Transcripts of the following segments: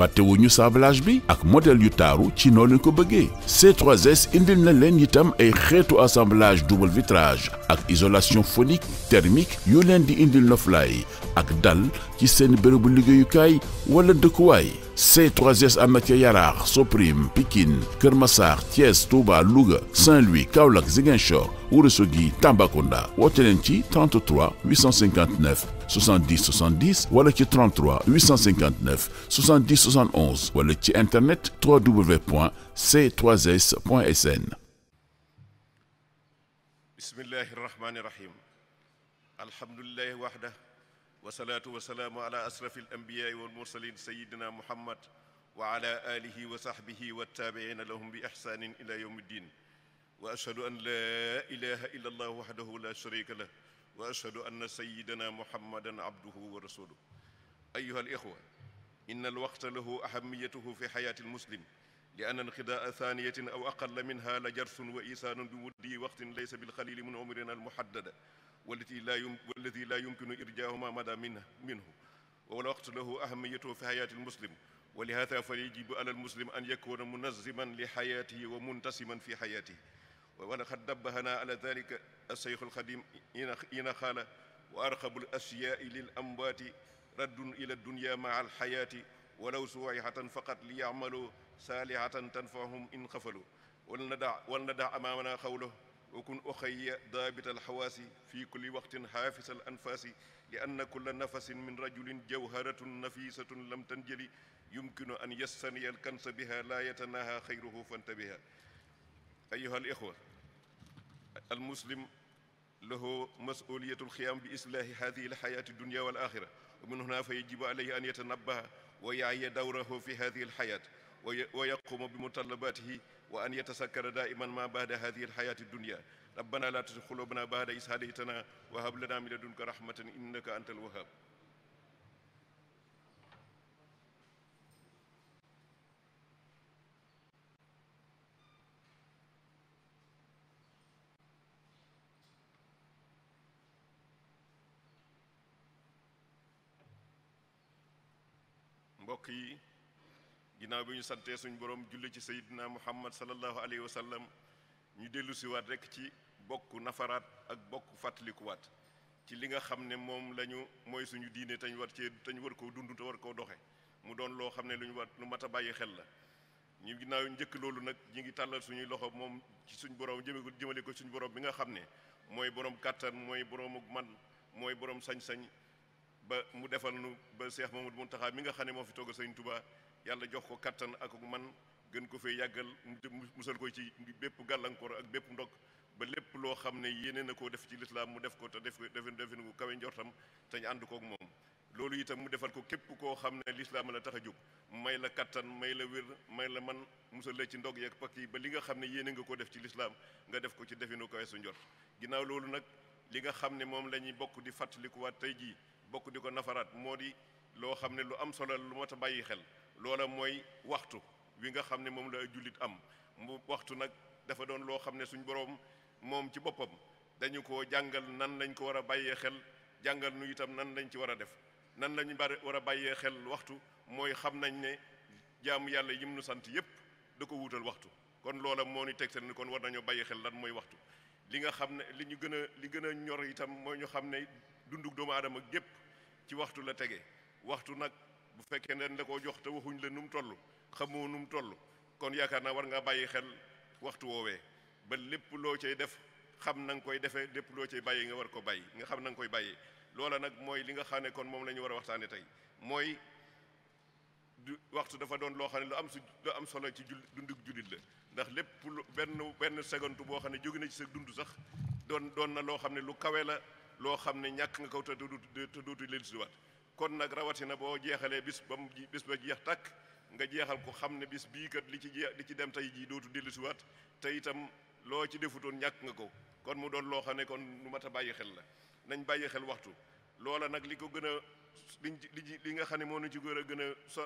fàttewuñu sablage bi ak modèle yu taaru ci noonu ko bëggee c 3 indil na leen itam ay xeetu assemblage double vitrage ak isolation phonique thermique yu leen di indil noflaay ak dal ci seen bërëbu liggéeyukaay wala dëkkuwaay C3S am na ca Yaraax Soprim Pikine Kër Massar Thiès Touba Louga Saint-Louis Kaolack Ziguinchor Ourossogui Tambacounda woote leen ci 33 859 70 70 wala ci 33 859 70 71 wala ci internet www.c3s.sn bismillahi rahmani rahim alhamdulillahi wahda wasalaatu wasalaamu ala asrafi alambiyaai walmursalin sayidina muhammad wa ala alihi wa sahbihi wattaabiina lahum bi ixsaanin ila yawmi ddin wa ashhadu an laa ilaha illa allah wahdahu la sharika lah wa ashhadu anna sayyidana muhammadan abduhu wa rasuluh ayyuha al-ikhwa inna al-waqta lahu ahamiyatuhu fi hayati al-muslim li anna inqidaa thaniyatin aw aqalla minha la jarsun wa isaanun bi muddi waqtin laysa bil qalili min umrina al-muhaddada wallati laa yum wallati laa yumkinu irjaahu maa madaa minhu minhu wal waqtu lahu ahamiyatuhu fi hayati al-muslim wa li haadha falyajibu ala al-muslim an yakuna munazziman li hayatihi wa muntasiman fi hayatihi ولقد دبهنا على ذلك الشيخ القديم حين قال وأرقب الأشياء للأموات رد إلى الدنيا مع الحياة ولو سويحة فقط ليعملوا صالحة تنفعهم إن خفلوا ولندع, ولندع أمامنا قوله وكن أخي ضابط الحواس في كل وقت حافز الأنفاس لأن كل نفس من رجل جوهرة نفيسة لم تنجلي يمكن أن يستني الكنس بها لا يتناهى خيره فانتبها أيها الإخوة almuslim lahu masuliyatu alxiyaam bi islaahi hadihi alxayaati dunia wal axira wa min huna fa yajibu alayhi an yatanabaha wa yaaya dawrahu fi hadihi alxayaat wa yaquuma bi mutallabatihi wa an yatasakkara daiman ma baada hadihi alxayaati dunia rabbana la tuzig quluubana baada is hadaytana wa hab lana min ladunka rahmatan innaka anta alwahaab mbokk yi ginnaaw bi ñu santee suñu borom julli ci sayidina muhammad sallallahu alayhi wa sallam ñu dellu siwaat rek ci bokk nafaraat ak bokk fàttalikuwaat ci li nga xam ne moom lañu ñu mooy suñu diine tañ war cee tañ war koo dund te war koo doxe mu doon loo xam ne lu ñu war lu mat a bàyyi xel la ñu ginnaaw njëkk loolu nag ñi ngi tàllal suñuy loxo moom ci suñu borom jëme ko jëmale ko suñu boroom bi nga xam ne mooy boroom kàttan mooy boroomuk man mooy borom sañ-sañ ba mu defal nu ba moom Mamadou taxaa mi nga xam ne moo fi toogal Sëriñ Touba yàlla jox ko kattan ak man gën ko fee yàggal musal ko ci bépp gàllankoor ak bépp ndog ba lépp loo xam ne yéene na koo def ci lislaam mu def ko te def ko defin gu kawe njortam te ñu kook moom loolu mu defal ko képp koo xam ne lislaam la tax a jóg may la kattan may la wér may la man musal la ci ndog yeeg pakk yi ba li nga xam ne yéene nga ko def ci lislaam nga def ko ci definu kawe su njort ginnaaw loolu nag li nga xam ne moom la ñuy bokk di fàttalikuwaat tey jii bokk di ko nafaraat moo di loo xam ne lu am solo lu mat a bàyyi xel loola mooy waxtu wi nga xam ne moom la jullit am mu waxtu nag dafa doon loo xam ne suñ boroom moom ci boppam dañu ko jàngal nan lañ ko war a bàyyee xel jàngal nu itam nan lañ ci war a def nan lañ bari war a bàyyee xel waxtu mooy xam nañ ne jaamu yàlla yim nu sant yépp da ko wuutal waxtu kon loola moo ni tegtal ni kon war nañoo bàyyi xel lan mooy waxtu li nga xam ne li ñu gën a li gën a ñor itam mooy ñu xam ne dundu doomu aadama gépp ci waxtu la tege waxtu nag bu fekkee ne la koo jox te waxuñ la nu mu toll xamoo nu mu toll kon yaakaar naa war ngaa bàyyi xel waxtu woowee ba lépp loo cay def xam na nga koy defee lépp loo cay bàyyi nga war ko bàyyi nga xam na nga koy bàyyi loola nag mooy li nga xam ne kon moom la ñu war a waxtaane tey mooy du waxtu dafa doon loo xam ne lu am su lu am solo ci jul dundug jullit la ndax lépp lu benn benn seconde boo xam ne jóge na ci sa dund sax doon na loo xam ne lu kawe la loo xam ne ñàkk nga kaw te dootu leen si waat kon nag rawatina boo jeexalee bis ba mu bis ba jeex tàkk nga jeexal ko xam ne bis bii kat li ci jeex li ci dem tey jii dootu dellu si waat te itam loo ci defutoon ñàkk nga ko kon mu doon loo xam ne kon lu mat a bàyyi xel la nañ bàyyi xel waxtu loola nag li ko gën a liñ li li nga xam ne moom ñu ci gën a gën a so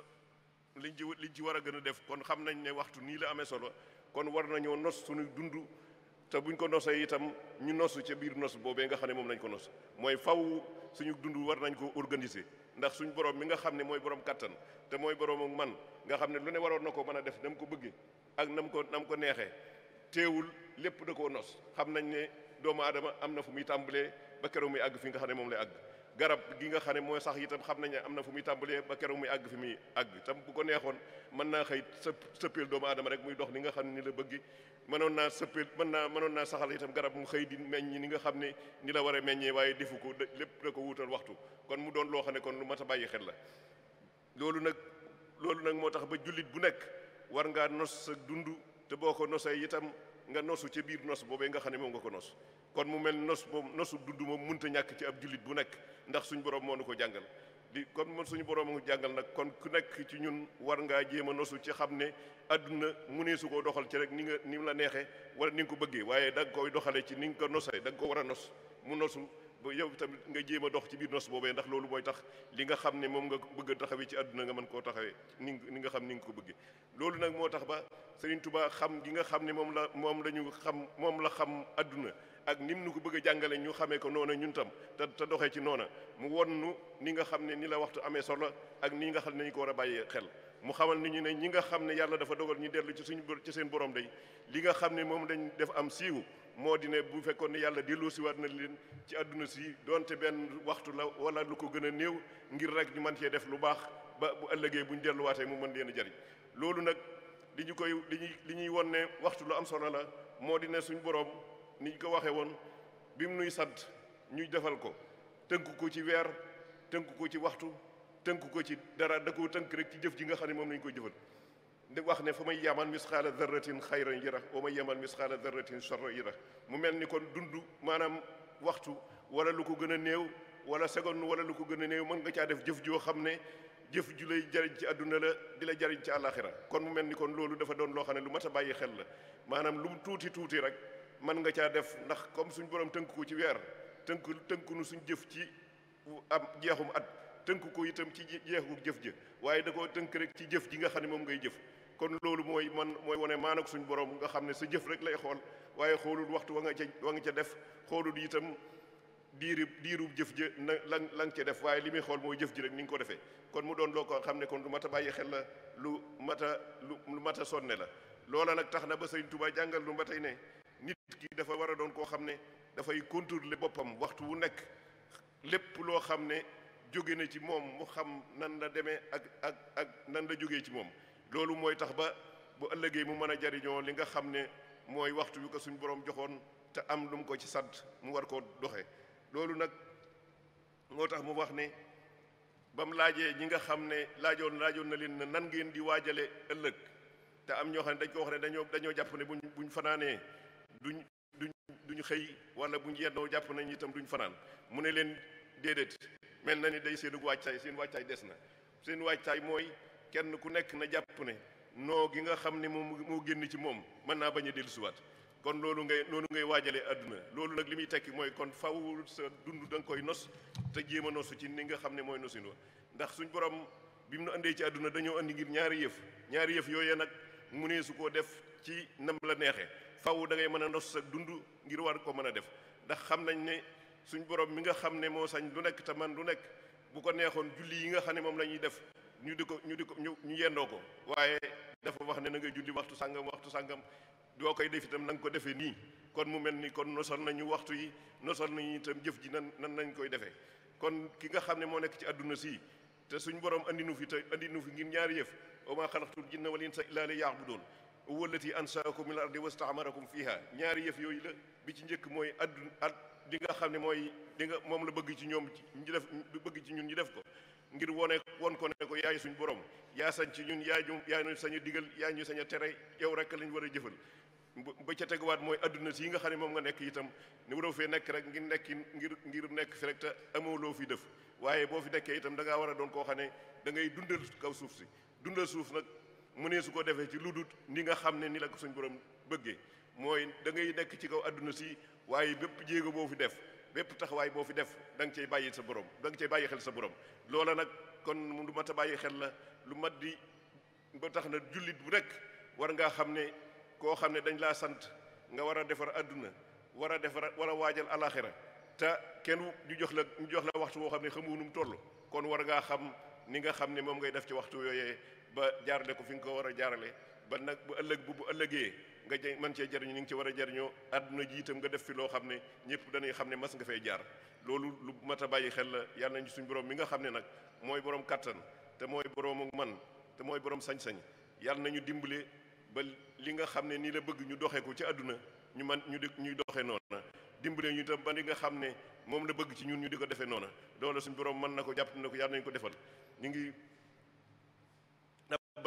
liñ ci liñ ci war a gën a def kon xam nañ ne waxtu nii la amee solo kon war nañoo nos suñu dund te buñ ko nosee itam ñu nosu ca biir nos boobee nga xam ne moom nañ ko nos mooy faw suñu dund war nañ ko organiser ndax suñu borom mi nga xam ne mooy borom kattan te mooy borom ak man nga xam ne lu ne waroon na ko mën a def na mu ko bëggee ak na mu ko ko neexee teewul lépp da koo nos xam nañ ne doomu adama am na fu muy tàmbalee ba keroog muy àgg fi nga xam ne moom lay àgg. garab gi nga xam ne mooy sax itam xam nañ am na fu muy tàmbalee ba keroog muy àgg fi muy àgg tam bu ko neexoon mën naa xëy sëpp sëppeel doomu adama rek muy dox ni nga xam ne ni la bëgg mënoon naa sëppeel mën naa mënoon naa saxal itam garab mu xëy di meññ ni nga xam ne ni la war a meññee waaye defu ko lépp la ko wutal waxtu kon mu doon loo xam ne kon lu mat a bàyyi xel la loolu nag loolu nag moo tax ba jullit bu nekk war ngaa nos sa dund te boo ko nosee itam nga nosu ca biir nos boobee nga xam ne moom nga ko nos kon mu mel nos moom nosu dund moom munta ñàkk ci ab jullit bu nekk ndax suñu borom moo nu ko jàngal di kon man suñu boroom jàngal nag kon ku nekk ci ñun war ngaa jéem a nosu ci xam ne àdduna mu ne su koo doxal ci rek ni nga ni mu la neexee wala ni nga ko bëggee waaye da nga koy doxalee ci ni nga ko nosee da ko war a nos mu nosu ba yow tamit nga jéem a dox ci biir nos boobee ndax loolu mooy tax li xam ne moom nga bëgg a taxawee ci àdduna nga mën koo taxawee ni ni nga xam ni nga ko bëggee loolu nag moo tax ba Serigne tubaa xam gi nga xam ne moom la moom la ñu xam moom la xam àdduna ak ni mu nu ko bëggee jàngale ñu xamee ko noona ñun tam te doxee ci noona mu won nu ni nga xam ne ni la waxtu amee solo ak ni nga xam ne ñu ko war a bàyyee xel mu xamal ni ñu ne ñi nga xam ne yàlla dafa dogal ñu dellu ci suñu ci seen borom day li nga xam ne moom dañ def am siiw moo di ne bu fekkoon ne yàlla delloo si waat na leen ci àdduna si doonte benn waxtu la wala lu ko gën a néew ngir rek ñu mën cee def lu baax ba bu ëllëgee bu ñu delluwaatee mu mën leen a jariñ loolu nag li ñu koy li ñuy li ñuy won ne waxtu lu am solo la moo di suñu borom niñ ko waxee woon bi mu nuy sant ñuy defal ko tënk ko ci weer tënk ko ci waxtu tënk ko ci dara da koo tënk rek ci jëf ji nga xam ne moom lañ ko jëfal di wax ne fa may yaman misxaala darratin xayran yara wa may yaman misxaala soro yi yara mu mel ni kon dund maanaam waxtu wala lu ko gën a néew wala seconde wala lu ko gën a néew mën nga caa def jëf joo xam ne jëf ju lay jariñ ci àdduna la di la jariñ ci àllaaxira kon mu mel ni kon loolu dafa doon loo xam ne lu mat a bàyyi xel la maanaam lu mu tuuti tuuti rek mën nga caa def ndax comme suñ borom tënk ko ci weer tënk tënku nu suñ jëf ci am jeexum at tënk ko itam ci jeexu jëf ji waaye da koo tënk rek ci jëf ji nga xam ne moom ngay jëf kon loolu mooy man mooy wane maanaam suñ borom nga xam ne sa jëf rek lay xool waaye xoolul waxtu wa nga ca wa nga ca def xoolul itam diirub diiru jëf jë na lan la nga ca def waaye li muy xool mooy jëf ji rek ni nga ko defee kon mu doon loo ko xam ne kon lu mat a bàyyi xel la lu mat a lu mat a sonne la loola nag tax na ba Sëriñ Tuubaa jàngal lu ba tey ne kii dafa war a doon koo xam ne dafay contrôler boppam waxtu wu nekk lépp loo xam ne jóge na ci moom mu xam nan la demee ak ak ak nan la jógee ci moom loolu mooy tax ba bu ëllëgee mu mën a jariñoo li nga xam ne mooy waxtu wi ko suñ boroom joxoon te am lu mu ko ci sadd mu war koo doxe loolu nag moo tax mu wax ne ba mu laajee ñi nga xam ne laajoon laajoon na leen nan ngeen di waajale ëllëg te am ñoo xam ne dañ ko wax dañoo dañoo jàpp ne buñ fanaanee duñ duñ duñu xëy wala buñ yeddoo jàpp nañ itam duñ fanaan mu ne leen déedéet mel na ni day seen waajtaay seen waajtaay des na seen waajtaay mooy kenn ku nekk na jàpp ne noo gi nga xam ne moom moo génn ci moom mën naa bañ a dellusiwaat kon loolu ngay loolu ngay waajale àdduna loolu nag li muy tekki mooy kon faw sa dund danga koy nos te jéem a nosu ci ni nga xam ne mooy nosin wa ndax suñ borom bi mu nu indee ci àdduna dañoo indi ngir ñaari yëf ñaari yëf yooyee nag mu su koo def ci nam la neexee faaw da mën a ndos sa dund ngir war ko mën a def ndax xam nañ ne suñ borom mi nga xam ne moo sañ lu nekk te man lu nekk bu ko neexoon julli yi nga xam ne moom la ñuy def ñu di ko ñu di ko ñu ñu yendoo ko waaye dafa wax ne na ngay julli waxtu sàngam waxtu sàngam doo koy def itam na ko defee nii kon mu mel ni kon nosal nañu waxtu yi nosal nañu itam jëf ji nan nan nañ koy defee kon ki nga xam ne moo nekk ci àdduna si te suñ borom indi nu fi te andi nu fi ngir ñaari yëf wa maa xalaqtul jinna wal insa illaa liya'buduun huwa allati ansaakum min was ardi wastaamarakum fiha ñaari yëf yooyu la bi ci njëkk mooy adduna at li nga xam ne mooy li nga moom la bëgg ci ñoom ñu def bëgg ci ñun ñu def ko ngir wone won ko ne ko yaay suñ borom yaa sañ ci ñun yaa ñu yaa ñu sañ a digal yaa ñu sañ a tere yow rek lañ war a jëfal ba ca teguwaat mooy adduna si nga xam ne moom nga nekk itam ne waroo fee nekk rek ngir nekk ngir ngir nekk fi rek te amoo loo fi def waaye boo fi nekkee itam da war a doon koo xam ne da ngay dundal kaw suuf si dundal suuf nag mu ne su ko defee ci lu dut ni nga xam ne ni la ko suñ borom bëggee mooy dangay ngay nekk ci kaw àdduna si waaye bépp jéego boo fi def bépp taxawaay boo fi def da nga cay bàyyi sa borom da nga cay bàyyi xel sa borom loola nag kon lu mat a bàyyi xel la lu mat di ba tax na jullit bu rek war ngaa xam ne koo xam ne dañ laa sant nga war a defar àdduna war a defar war a waajal alaxira te kenn ñu jox la ñu jox la waxtu woo xam ne xamu nu mu toll kon war ngaa xam ni nga xam ne moom ngay def ci waxtu yooyee ba jaarale ko fi nga ko war a jaarale ba nag bu ëllëg bu bu ëllëgee nga jë man cee jariñu ni nga ci war a jariñoo àdduna ji itam nga def fi loo xam ne ñëpp dañuy xam ne mas nga fay jaar loolu lu mat bàyyi xel la yàlla nañ suñu borom mi nga xam ne nag mooy borom kattan te mooy borom man te mooy borom sañ-sañ yàlla nañu dimbale ba li nga xam ne nii la bëgg ñu doxee ko ci àdduna ñu man ñu di ñuy doxee noona dimbale ñu itam ba li nga xam ne moom la bëgg ci ñun ñu di ko defee noona loolu suñ borom mën na ko jàpp na ko yàlla nañ ko defal ñu ngi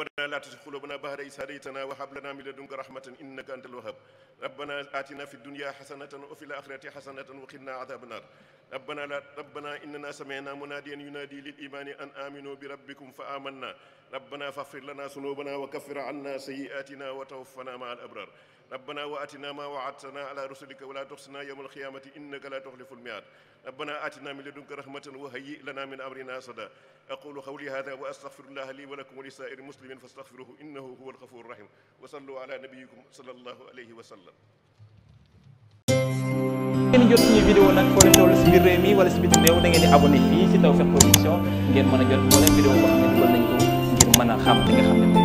ربنا لا تزغ قلوبنا بعد إذ هديتنا وهب لنا من لدنك رحمة إنك أنت الوهاب ربنا آتنا في الدنيا حسنة وفي الآخرة حسنة وقنا عذاب النار ربنا لا ربنا إننا سمعنا مناديا ينادي للإيمان أن آمنوا بربكم فآمنا ربنا فاغفر لنا ذنوبنا وكفر عنا سيئاتنا وتوفنا مع الأبرار ربنا واتنا ما وعدتنا على رسلك ولا تخزنا يوم القيامه انك لا تخلف الميعاد ربنا اتنا من لدنك رحمه وهيئ لنا من امرنا رشدا اقول قولي هذا واستغفر الله لي ولكم ولسائر المسلمين فاستغفروه انه هو الغفور الرحيم وصلوا على نبيكم صلى الله عليه وسلم ngeen jot suñu vidéo nag foo leen toll si biir réew mi wala si bitim réew da ngeen di abonné fii si Tawfekh Production ngeen mën a jot moo leen vidéo boo xam ne dugal nañ ko ngir mën a xam li nga xam ne